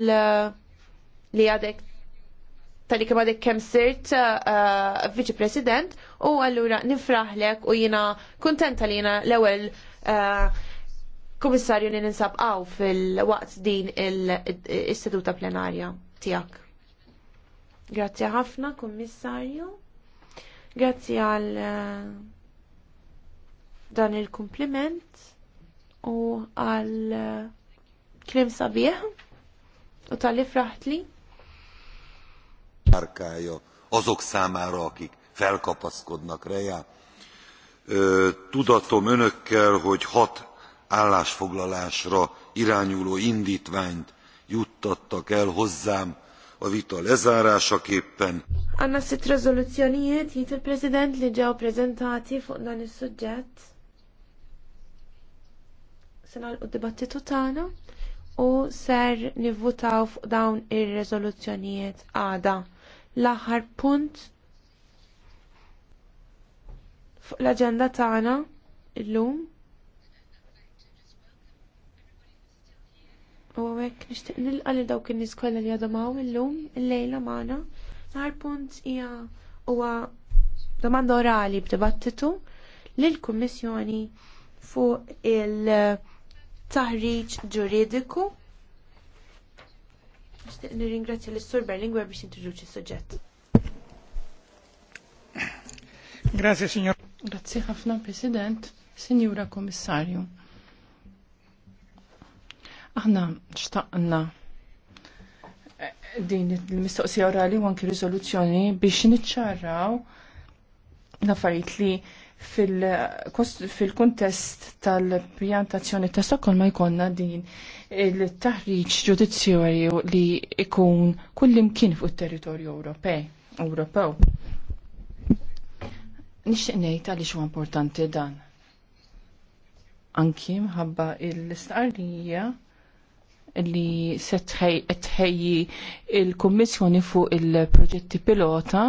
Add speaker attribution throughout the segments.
Speaker 1: li għadek tal-li kem għadek kem sirt vice uh, viċi president u għallura nifraħlek u jina kontenta li jina l-ewel uh, komissarju li ninsab għaw fil-waqt din il-istituta plenarja tijak. Grazie ħafna, komissarju. Grazie għal uh, dan il-kompliment u għal klim sabieħ u tal-li fraħtli.
Speaker 2: Márkája azok számára, akik felkapaszkodnak rejá. Tudatom önökkel, hogy hat állásfoglalásra irányuló indítványt juttattak el hozzám a vita lezárásaképpen.
Speaker 1: Anna szit rezolúcióniét, jit a prezident li ġew prezentati fuq dan is-suġġett. Sena l u ser nivvutaw fuq dawn ir-reżoluzzjonijiet għada. L-aħħar punt fuq l-aġenda tagħna illum U għek nixtieq nilqa lil dawk in-nies kollha li għadhom hawn illum illejla magħna. L-aħħar punt hija huwa domanda orali b'dibattitu lill-Kummissjoni fuq il- taħriġ ġuridiku. Nixtieq nirringrazzja l-Sur Berlingwer biex introduċi s-suġġett.
Speaker 2: Grazie, signor. Grazie ħafna, President, Signora Komissarju. Aħna xtaqna eh, din il-mistoqsija orali u anki riżoluzzjoni biex niċċaraw l-affarijiet li fil-kontest tal-pjantazzjoni ta' Stockholm ma jkonna din il-taħriġ ġudizzjorju li ikun kullimkien fuq il-territorju Ewropej. Ewropew. Nixtieq ngħid għaliex huwa importanti dan. Anki mħabba l-istqarrija li se tħejji il-Kummissjoni fuq il-proġetti pilota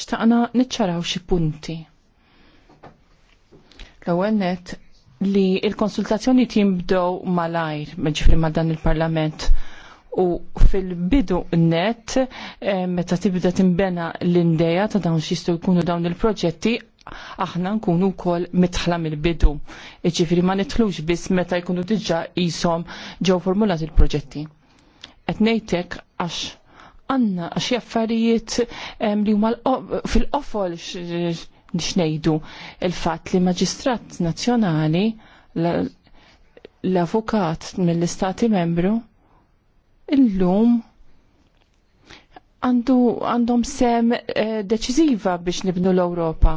Speaker 2: xtaqna niċċaraw xi punti l li il-konsultazzjoni jimbdow malajr, meġifri ma dan il-parlament u fil-bidu net, eh, meta tibda timbena l-indeja ta' dawn xistu jkunu dawn il-proġetti, aħna nkunu kol mitħla mill-bidu. Iġifri ma nitħlux biss meta jkunu diġa jisom ġew formulat il-proġetti. Et nejtek għax għanna għax jaffarijiet eh, li huma fil-qofol biex ngħidu il-fatt li maġistrat nazzjonali l-avukat mill-istati membru illum għandu għandhom sem eh, deċiziva deċiżiva biex nibnu l-Ewropa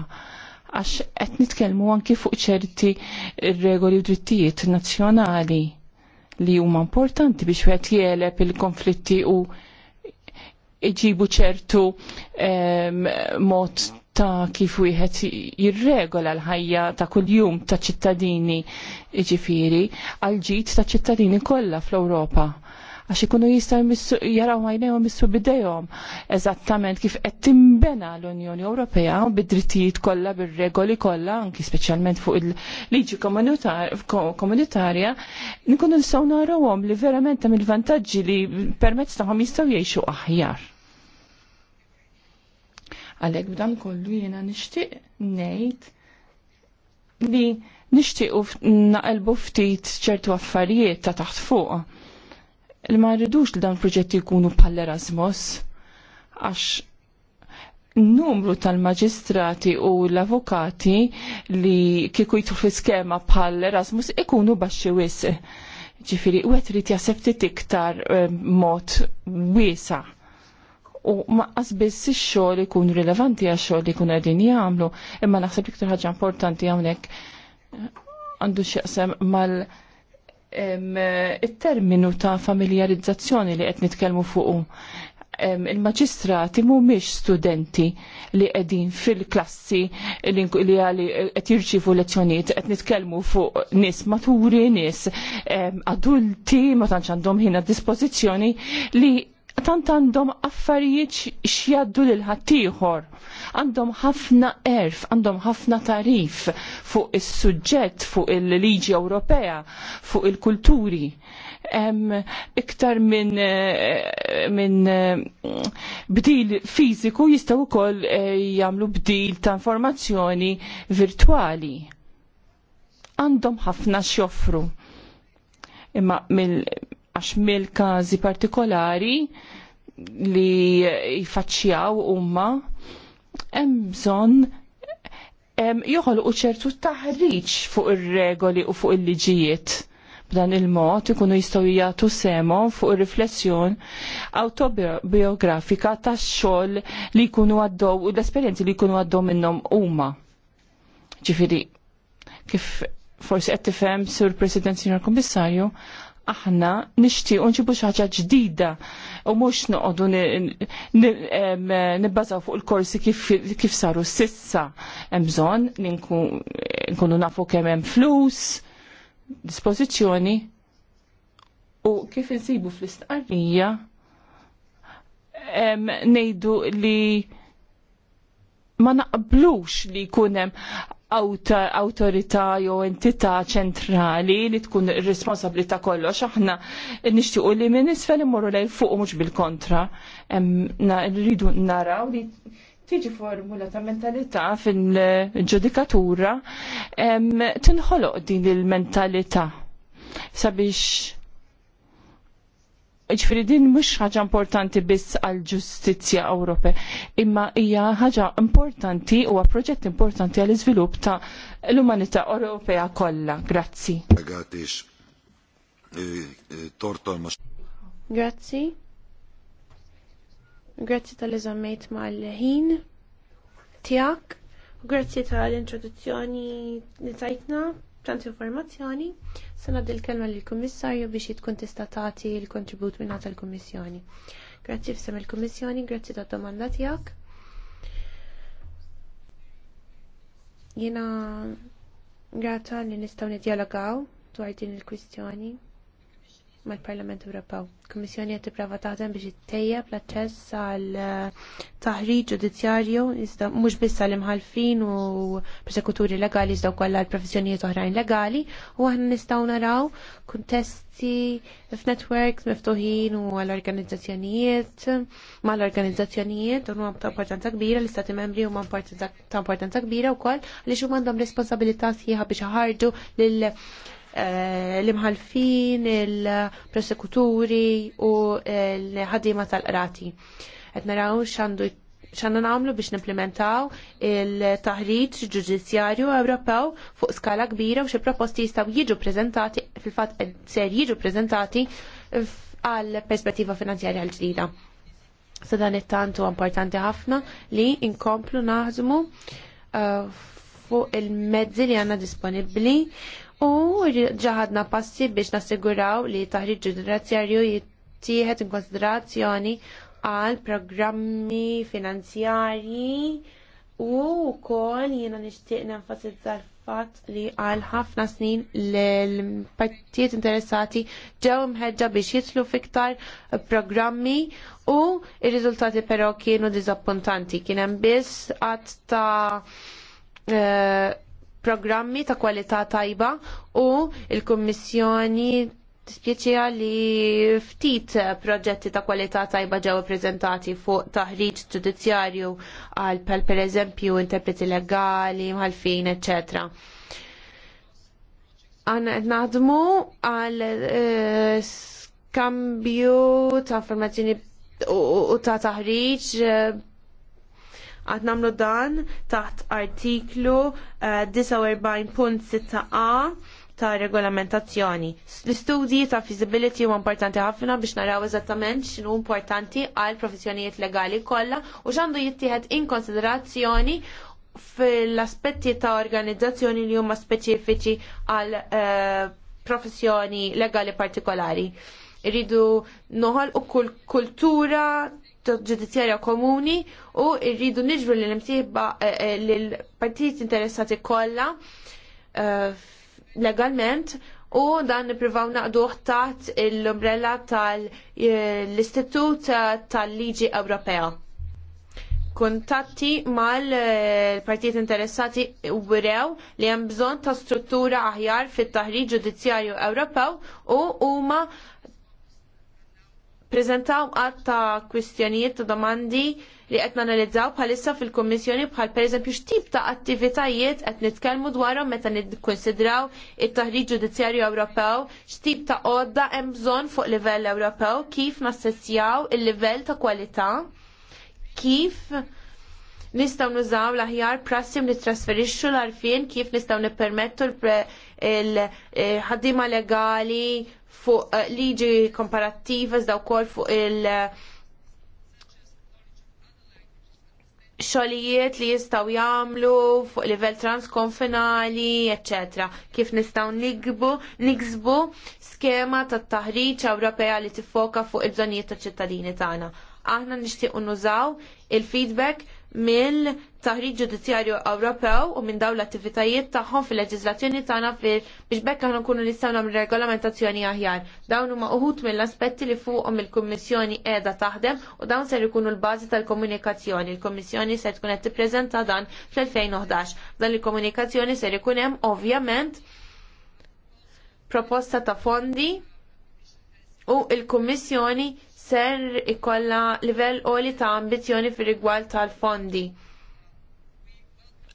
Speaker 2: għax qed nitkellmu anki fuq ċerti regoli u drittijiet nazzjonali li huma importanti biex wieħed jeleb il-konflitti u iġibu ċertu ehm, mod ta' kif wieħed jirregola l-ħajja ta' kuljum ta' ċittadini ġifiri għal ġid ta' ċittadini kollha fl-Ewropa. Għax ikunu jistgħu jaraw għajnejhom missu bidejhom eżattament kif qed timbena l-Unjoni Ewropea bid-drittijiet kollha bir-regoli kollha anki speċjalment fuq il-liġi komunitarja nkunu nistgħu narawhom li verament hemm il-vantaġġi li permezz tagħhom jistgħu jgħixu aħjar. Għalhekk b'dan kollu jiena nixtieq ngħid li nixtiequ naqelbu ftit ċertu affarijiet ta' taħt fuq. Ma rridux li dan proġetti jkunu bħal Erasmus għax numru tal-maġistrati u l-avukati li kiku jitħu fi skema bħal Erasmus ikunu baxi wis. Ġifiri, u għetrit t iktar eh, mod wiesa u maqqas biss ix-xogħol ikun rilevanti għax xogħol li kun qegħdin jagħmlu, imma naħseb iktar ħaġa importanti hawnhekk għandu x'jaqsem mal it-terminu ta' familjarizzazzjoni li qed nitkellmu fuqu. Il-maġistrati mhumiex studenti li qegħdin fil-klassi li għali qed jirċivu lezzjonijiet qed nitkellmu fuq nis maturi, nis adulti, ma tantx għandhom ħin dispożizzjoni li tant għandhom affarijiet xjaddu lil ħaddieħor. Għandhom ħafna erf, għandhom ħafna tarif fuq is-suġġett, fuq il-liġi Ewropea, fuq il-kulturi. Iktar minn eh, min, eh, bdil fiżiku jistgħu wkoll eh, jagħmlu bdil ta' informazzjoni virtwali. Għandhom ħafna xjoffru. Imma mill għax mill-każi partikolari li jfaċċjaw huma hemm bżonn joħolqu ċertu taħriġ fuq ir-regoli u fuq il-liġijiet b'dan il-mod ikunu jistgħu jagħtu semhom fuq ir-riflessjon autobiografika tax-xogħol li jkunu għaddew u l-esperjenzi li jkunu għaddew minnhom huma. Ġifieri kif forsi qed tifhem sur President Sinjor Kummissarju, aħna nixtiequ nġibu xi ħaġa ġdida u mhux noqogħdu nibbażaw fuq il-korsi kif saru sissa hemm bżonn li nkunu nafu kemm hemm flus, dispożizzjoni u kif insibu fl-istqarrija ngħidu li ma naqblux li jkun hemm autorità jew entità ċentrali li tkun responsabbli ta' kollox aħna nixtiequ li minn isfel immorru lejl fuq mhux bil-kontra. Rridu naraw li tiġi formula ta' mentalità fil-ġudikatura tinħoloq din il-mentalità sabiex ġifri din mhux ħaġa importanti biss għal ġustizzja Ewropea, imma hija ħaġa importanti u proġett importanti għal iżvilupp ta' l-umanità Ewropea kollha. Grazzi. E, e,
Speaker 1: Grazzi. Grazzi tal-eżammejt mal-ħin tiegħek. Grazzi tal-introduzzjoni li tajtna tant informazzjoni, se ngħaddi l-kelma lill kummissarju biex jitkontesta tagħti l-kontribut minna tal kummissjoni Grazzi f'sem il-Kummissjoni, grazzi tad domanda tiegħek. Jiena grata li nistgħu nidjalogaw dwar din il-kwistjoni mal-Parlament Ewropew. Kummissjoni qed tipprova taħdem biex ittejjeb l-aċċess għal eh, taħriġ ġudizzjarju iżda mhux biss għal imħalfin u persekuturi legali iżda wkoll għall professjonijiet oħrajn legali u aħna nistgħu naraw kuntesti f'networks miftuħin u għal organizzazzjonijiet mal-organizzazzjonijiet u ta' importanza kbira l-istati membri huma ta' importanza kbira wkoll għaliex huma għandhom responsabilità sħiħa biex ħarġu lil Eh, l-imħalfin, il-prosekuturi u l-ħadima tal-qrati. Qed naraw x'għandu xanna namlu biex nimplementaw il-taħriġ ġudizzjarju Ewropew fuq skala kbira u xi proposti jistgħu jiġu prezentati, fil-fatt ser jiġu prezentati għal perspettiva finanzjarja l-ġdida. Sa dan it-tant huwa importanti ħafna li inkomplu naħdmu eh, fuq il-mezzi li għanna disponibli U ġaħadna passi biex nassiguraw li taħriġ ġenerazzjarju jittieħed in konsiderazzjoni għal programmi finanzjarji u kol jiena nixtieq nenfasizza l-fatt li għal ħafna snin l-partijiet interessati ġew mħedġa biex jitlu fiktar programmi u il riżultati però kienu diżappuntanti. Kien hemm biss qatt ta' eh, programmi ta' kwalità tajba u il-Kummissjoni tispjeċija li ftit proġetti ta' kwalità tajba ġew prezentati fuq taħriġ ġudizzjarju għal pal pereżempju interpreti legali, mħalfin, ecc. Għanna qed naħdmu għal eh, skambju ta' informazzjoni u ta' taħriġ eh, Għad namlu dan taħt artiklu 49.6a eh, ta' regolamentazzjoni. L-istudji ta' feasibility huwa importanti ħafna biex naraw eżattament x'inhu importanti għal professjonijiet legali kollha u x'għandu jittieħed in konsiderazzjoni fil-aspetti ta' organizzazzjoni li huma speċifiċi għal eh, professjoni legali partikolari. Irridu noħol u kultura ġudizzjarja komuni u rridu niġbru li l-imsieħba li eh, eh, l-partijiet interessati kollha eh, legalment u dan niprivaw naqduħ taħt l-umbrella tal-Istitut tal-Liġi Ewropea. Kuntatti mal-partijiet interessati wirew li hemm bżonn ta' struttura aħjar fit-taħriġ ġudizzjarju Ewropew u huma prezentaw ta' kwistjonijiet ta' domandi li qed nanalizzaw bħalissa fil-Kommissjoni bħal pereżempju x'tip ta' attivitajiet qed nitkellmu dwarom meta nikkonsidraw it-taħriġ ġudizzjarju Ewropew, x'tip ta' għodda hemm bżonn fuq livell Ewropew, kif nassessjaw il-livell ta' kwalità, kif Nistgħu nużaw l-aħjar prassim li trasferixxu l-arfien kif nistgħu nippermettu l-ħaddima eh, legali fuq eh, liġi komparattiva iżda wkoll fuq il- eh, xogħlijiet li jistgħu jagħmlu fuq livell transkonfinali, etc. Kif nistgħu nikbu, niksbu skema tat taħriġ Ewropea li tiffoka fuq il-bżonijiet taċ ċittadini tagħna. Aħna nixtiequ nużaw il-feedback mill-taħriġ ġudizzjarju Ewropew u minn dawn l-attivitajiet tagħhom fil-leġiżlazzjoni tagħna fil biex bekk aħna nkunu nistgħu nagħmlu regolamentazzjoni aħjar. Dawn huma uħud mill-aspetti li fuqhom il-Kummissjoni qiegħda taħdem u dawn ser ikunu l-bażi tal-komunikazzjoni. Il-Kummissjoni se tkun qed tippreżenta dan fl-2011. Dan il-komunikazzjoni ser ikun hemm ovvjament proposta ta' fondi u il-Kummissjoni ser ikolla livell oli ta' ambizjoni fir rigward tal-fondi.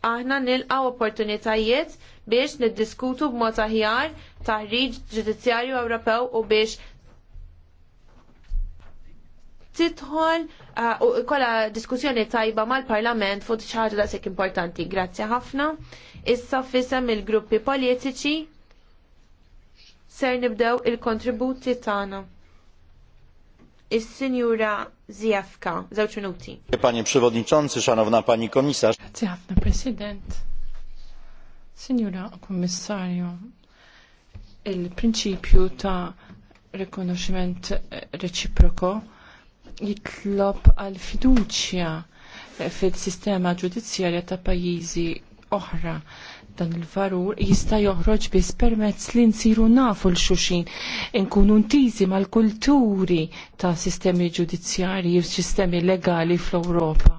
Speaker 1: Aħna nilqaw opportunitajiet biex niddiskutu b'mod aħjar taħriġ ġudizzjarju Ewropew u biex titħol uh, u kolla diskussjoni tajba mal-parlament fuq xi ħaġa dasik importanti. Grazzi ħafna. Issa fisem il-gruppi politiċi ser nibdew il-kontributi tagħna. Is-Sinjura Zjafka, żewġ minuti.
Speaker 2: Panie Przewodniczący, Szanowna Pani Komisarz.
Speaker 1: Grazie ħafna President. Sinjura Kommissarju,
Speaker 2: il-prinċipju ta' rekonoximent eh, reciproko jitlob għal fiduċja eh, fil-sistema ġudizzjarja ta' pajizi oħra dan il-varur jista' joħroġ biss permezz li nsiru nafu l-xuxin, nkunu ntiżi mal-kulturi ta' sistemi ġudizzjarji u sistemi legali fl-Ewropa.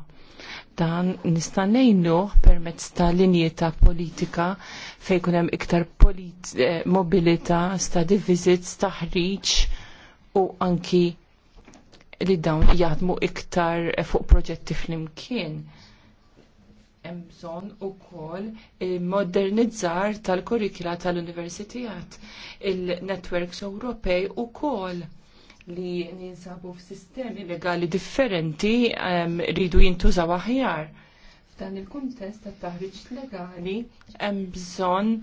Speaker 2: Dan nista' ngħinu permezz ta' linji ta' politika fejn kun hemm iktar eh, mobilità, sta' divizit staħriġ u anki li dawn jaħdmu iktar fuq proġetti flimkien hemm bżonn ukoll modernizzar tal-kurrikula tal-universitijat il-networks Ewropej ukoll li jinsabu f'sistemi legali differenti ehm, rridu jintużaw aħjar. F'dan il-kuntest tat-taħriġ legali hemm bżonn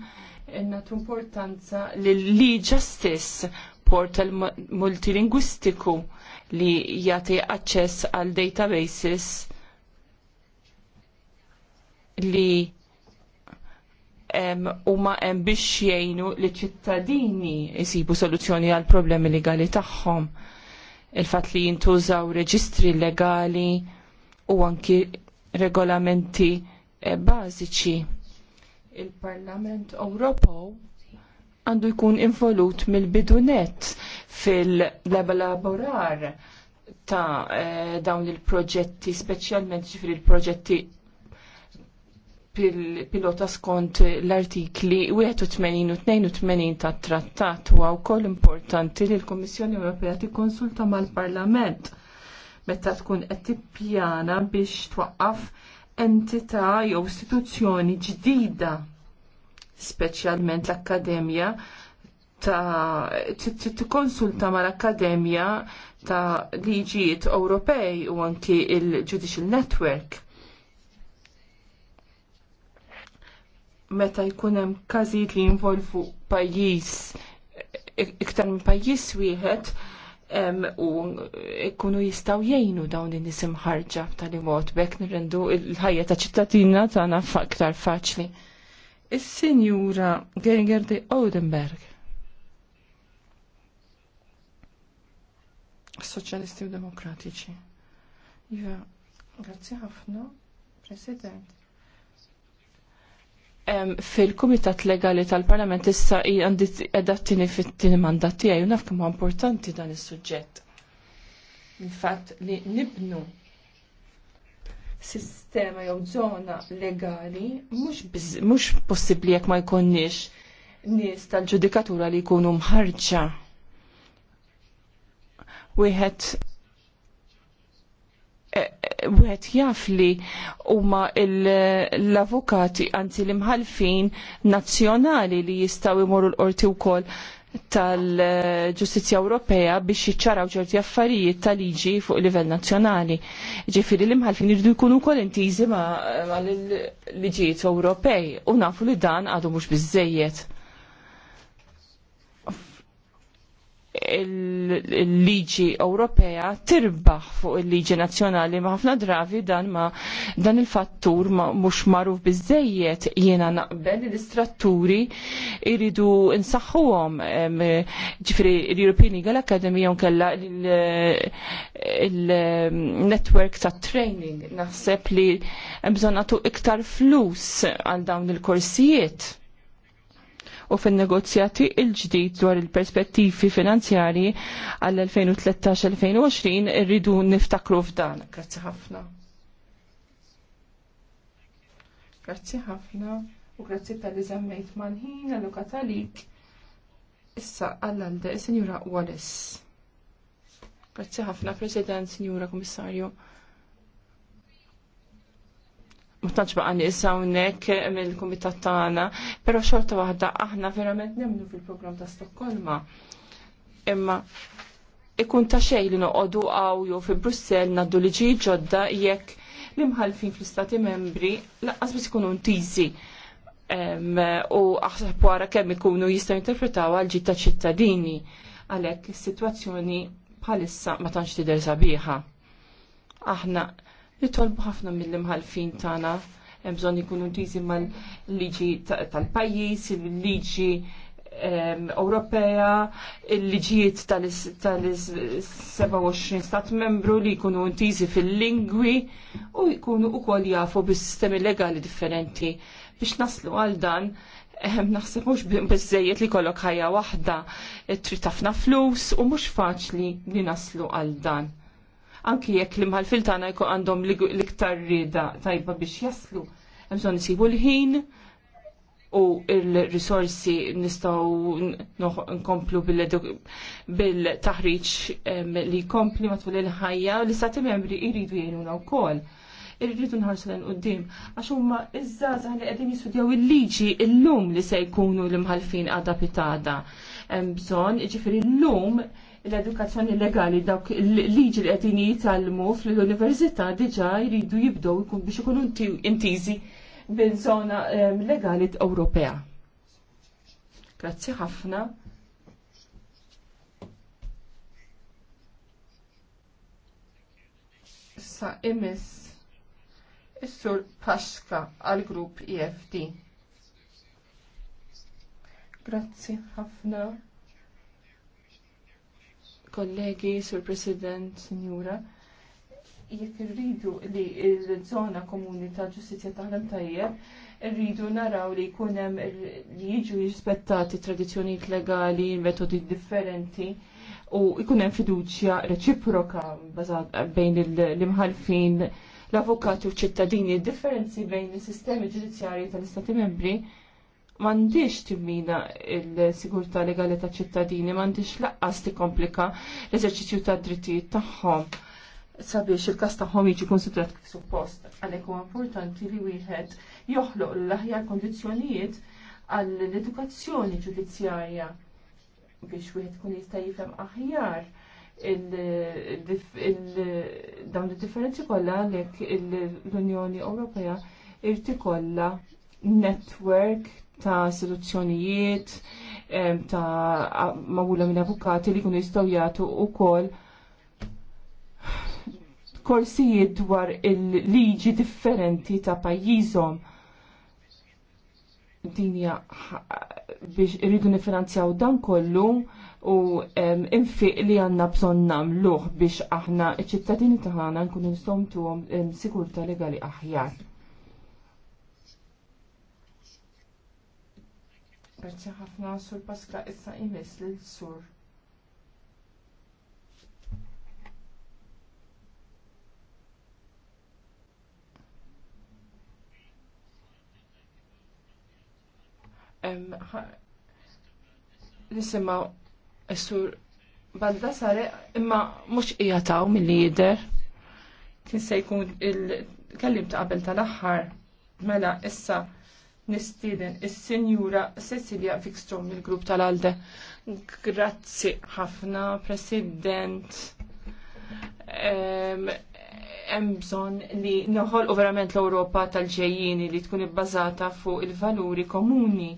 Speaker 2: nagħtu importanza lil-liġa stess portal multilingwistiku li jagħti aċċess għal databases li huma hemm biex jgħinu li ċittadini jsibu soluzzjoni għal problemi legali tagħhom. Il-fatt li jintużaw reġistri legali u anki regolamenti eh, bażiċi. Il-Parlament Ewropew għandu jkun involut mill-bidunet fil-laborar ta' eh, dawn il-proġetti, speċjalment ġifri il-proġetti pilota skont l-artikli 81 u 82 tat trattat huwa wkoll importanti li l-Kummissjoni Ewropea tikkonsulta mal-Parlament meta tkun qed tippjana biex twaqqaf entità jew istituzzjoni ġdida speċjalment l-Akkademja ta' tikkonsulta mal-Akkademja ta' liġijiet Ewropej u anki il-Judicial Network meta jkun hemm każijiet li jinvolvu pajjiż iktar minn pajjiż wieħed u jkunu jistgħu jgħinu dawn in-nies ħarġa b'tali mod bekk nirrendu l-ħajja ta' ċittadina tagħna aktar faċli. Is-Sinjura Geringer de Odenberg. Soċjalisti u Demokratiċi. Ja, iva, grazzi ħafna, President fil-Kumitat Legali tal-Parlament issa għandi għedattini fit-tini mandat tiegħi u naf kemm importanti dan is-suġġett. Il-fatt li nibnu sistema jew żona
Speaker 1: legali
Speaker 2: mhux possibbli jekk ma jkunniex nies tal-ġudikatura li jkunu mħarġa. Wieħed wieħed jaf li huma l-avukati anzi l-imħalfin nazzjonali li jistgħu jmorru l-qorti wkoll tal-ġustizja Ewropea biex jiċċaraw ċerti affarijiet ta' liġi fuq livell nazzjonali. Ġifiri li mħalfin irridu jkunu kol intiżi ma' liġijiet Ewropej u nafu li dan għadu mhux biżżejjed. il-liġi Ewropea tirbaħ fuq il-liġi nazzjonali ma ħafna dravi dan ma dan il-fattur ma mhux magħruf biżejjed jiena naqbel li l-istratturi iridu nsaħħuhom ġifri l-European Legal Academy jew kellha il-network ta' training naħseb li bżonn nagħtu iktar flus għal dawn il-korsijiet u fin-negozjati il-ġdid dwar il-perspettivi finanzjarji għall-2013-2020 irridu niftakru f'dan. Grazzi ħafna. Grazzi ħafna u grazzi tal-li żammejt mal-ħin allokat Issa għall-għalde, Signora Wallace. Grazzi ħafna, President, Signora Komissarju ma tantx baqa' nisa hawnhekk mill-kumitat tagħna, però xorta waħda aħna verament nemmnu fil-programm ta' Stokkolma. Imma ikun ta' xejn li noqogħdu għaw jew fi Brussell ngħaddu liġi ġodda jekk l-imħalfin fl-istati membri laqqas biss ikunu ntiżi u aħseb wara kemm ikunu jistgħu interpretaw għal ġid ta' ċittadini għalhekk is-sitwazzjoni bħalissa ma tantx tidher sabiħa. Aħna jitolbu ħafna mill-imħalfin tagħna hemm bżonn ikunu diżi mal-liġi tal-pajjiż, il-liġi Ewropea, il-liġijiet tal-27 stat membru li jkunu ntiżi fil-lingwi u jkunu wkoll jafu bis-sistemi legali differenti. Biex naslu għal dan, naħseb mhux biżejjed li kollok ħajja waħda, trid flus u mhux faċli li naslu għal dan anki jekk li mħalfil tagħna jkun għandhom l-iktar rieda tajba biex jaslu. Hemm bżonn l-ħin u il-risorsi nistgħu nkomplu bil-taħriġ li jkompli matul il-ħajja li sati membri jridu u wkoll irridu nħarsu l qoddim għax huma iż-żgħażagħ li qegħdin jistudjaw il-liġi il-lum li se jkunu l-imħalfin għadha pitada. Hemm bżonn, jiġifieri llum l-edukazzjoni legali dawk liġi li qegħdin jitalmu fl-università diġà jridu jibdew biex ikunu intiżi bil-żona ehm, legali Ewropea. Grazzi ħafna. Sa imis is-sur Paska għal-grupp EFD. Grazzi ħafna kollegi, Sur President, signora, jekk irridu li il-żona komuni ta' ġustizja taħdem tajjeb, irridu naraw li jkun hemm li jiġu jispettati tradizzjonijiet legali, metodi differenti u jkun hemm fiduċja reċiproka bejn l-imħalfin l-avukati u ċittadini, differenzi bejn is sistemi ġudizzjarji tal-Istati membri mandiġ timmina il-sigurta legali ta' ċittadini, mandiġ laqqas ti komplika l-eżerċizzju ta' drittijiet tagħhom sabiex il-kas tagħhom jiġi konsidrat kif suppost. Għalhekk huwa importanti li wieħed joħloq l-aħjar kondizzjonijiet għall-edukazzjoni ġudizzjarja biex wieħed kun jista' jifhem aħjar dawn il-differenzi kollha għalhekk l-Unjoni Ewropea ikollha network ta' istituzzjonijiet, ta' magħmula minn avukati li jkunu jistgħu jagħtu wkoll korsijiet dwar il-liġi differenti ta' pajjiżhom. Dinja biex irridu nifinanzjaw dan kollu u infiq li għanna bżon namluħ biex aħna iċ-ċittadini taħna nkunu nistomtuhom sikurta legali aħjar. Grazzi ħafna sur Paska issa imis lil sur. Nisimaw sur Balda sare imma mux ijataw mill-li jider. Kinsa se jkun il-kellim ta' qabel tal-axħar. Mela issa nistieden is-Sinjura Cecilia Vikstrom mill-Grupp tal-Alde. Grazzi ħafna, President. Hemm bżonn li noħolqu verament l-Ewropa tal-ġejjini li tkun ibbażata fuq il-valuri komuni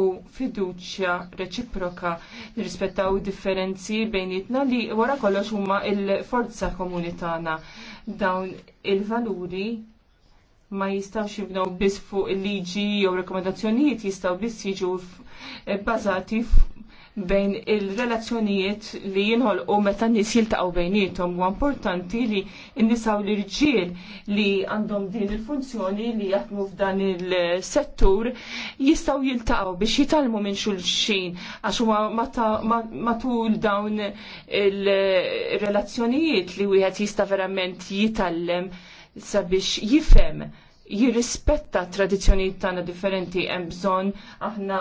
Speaker 2: u fiduċja reċiproka nirrispettaw differenzi bejnietna li wara kollox huma il-forza komuni tagħna dawn il-valuri ma jistawx jibnaw biss fuq il-liġi jew rekomendazzjonijiet jistaw biss jiġu eh, bazati bejn il-relazzjonijiet li u meta nies jiltaqgħu bejnietom huwa importanti li nisaw l-irġiel li għandhom din il-funzjoni li jaħdmu f'dan il-settur jistgħu jiltaqgħu biex jitalmu minn xulxin għax huma matul dawn il-relazzjonijiet li wieħed jista' verament jitallem sabiex jifhem jirrispetta tradizzjonijiet tagħna differenti hemm bżonn aħna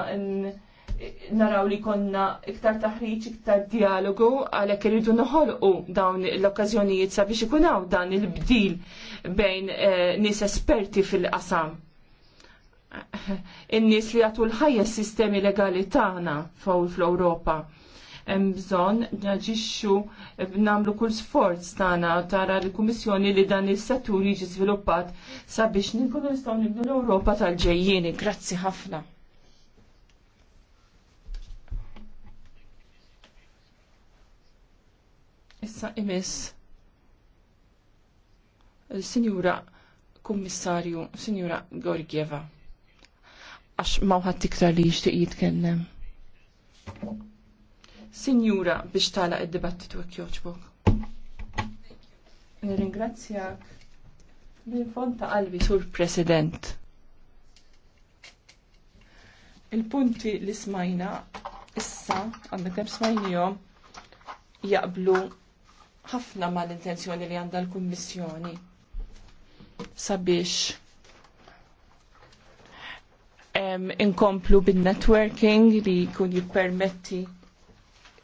Speaker 2: naraw li konna iktar taħriġ, iktar dialogu, għalhekk irridu noħolqu dawn l-okkażjonijiet sabiex ikun hawn dan il-bdil bejn nis eh, nies esperti fil-qasam. In-nies li għatu l-ħajja s-sistemi legali tagħna fl-Ewropa bżon naġixxu namlu kull sforz tagħna tara l-Kummissjoni li dan is-settur jiġi żviluppat sabiex nkunu nistgħu nibnu l-Ewropa tal-ġejjieni. Grazzi ħafna. Issa imis il-Sinjura Kummissarju, Sinjura Gorgieva, għax mawħat tiktar li jishtiq jitkellem. Sinjura biex tala id-dibattitu għak joċbok. Nirringrazzjak minn fond ta' qalbi sur President. Il-punti li smajna issa għandek hemm smajnijhom jaqblu ħafna mal-intenzjoni li għandha l-Kummissjoni sabiex inkomplu bin-networking li jkun jippermetti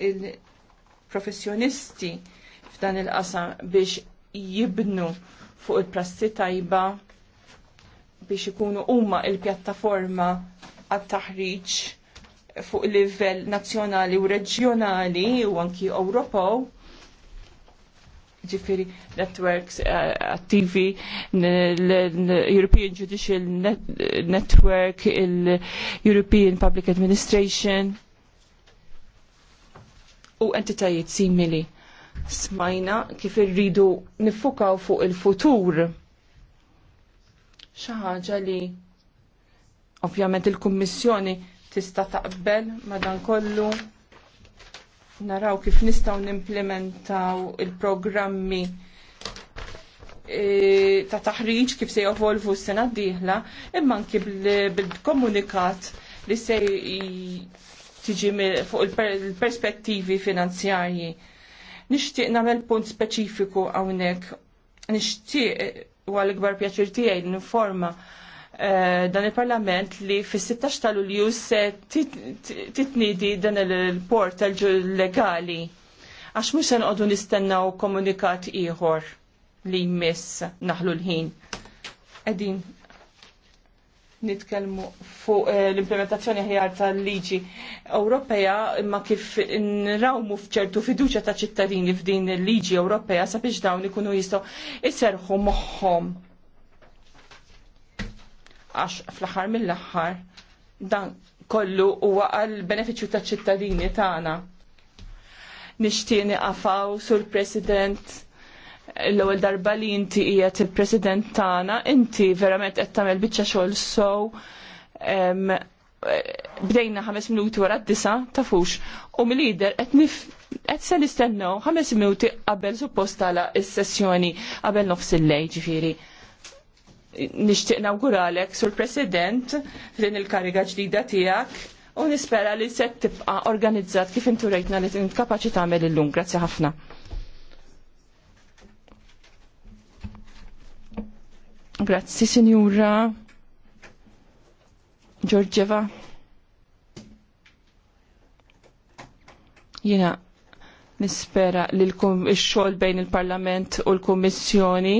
Speaker 2: il-professjonisti f'dan il-qasam biex jibnu fuq il-prassi tajba biex ikunu huma il-pjattaforma għat-taħriġ fuq livell nazzjonali u reġjonali u anki Ewropew ġifiri networks eh, attivi, l-European Judicial Network, il-European Public Administration, u entitajiet simili. Smajna kif irridu nifukaw fuq il-futur. Xi ħaġa li ovvjament il-Kummissjoni tista' taqbel madan kollu naraw kif nistgħu nimplementaw il-programmi e, ta' taħriġ kif se jovolvu s-sena d-dieħla, imma anki bil-komunikat li se tiġi fuq il-perspettivi finanzjarji. Nixtieq nagħmel punt speċifiku hawnhekk. Nixtieq eh, u għal-ikbar pjaċir tiegħi l-informa eh, dan il-Parlament li fis-16 ta' ulju se titnidi dan il-port legali għax mhux se noqogħdu nistennaw komunikat ieħor li jmiss naħlu l-ħin. Qegħdin nitkellmu fuq eh, l-implementazzjoni ħjar tal-liġi Ewropea imma kif nrawmu fċertu fiduċa ta' ċittadini f'din il-liġi Ewropea sabiex dawn ikunu jistgħu iserħu moħħom. Għax fl-aħħar mill-aħħar dan kollu huwa għal benefiċċju taċ ċittadini tagħna. Nixtieni qafaw sur President l-ewwel darba li inti qiegħed il-President tagħna, inti verament qed tagħmel biċċa xogħol sow bdejna ħames minuti wara d-disa tafux u mill-lider qed nif qed se nistennew ħames minuti qabel suppost tala s-sessjoni qabel nofs il-lej ġifieri. Nixtieq nawguralek sur President f'din il-kariga ġdida tiegħek u nispera li se tibqa' organizzat kif intu rejtna li tinkapaċi tagħmel illum. Grazzi ħafna. Grazzi, Signora Giorgeva. Jina nispera li l-xol bejn il-Parlament u l-Kommissjoni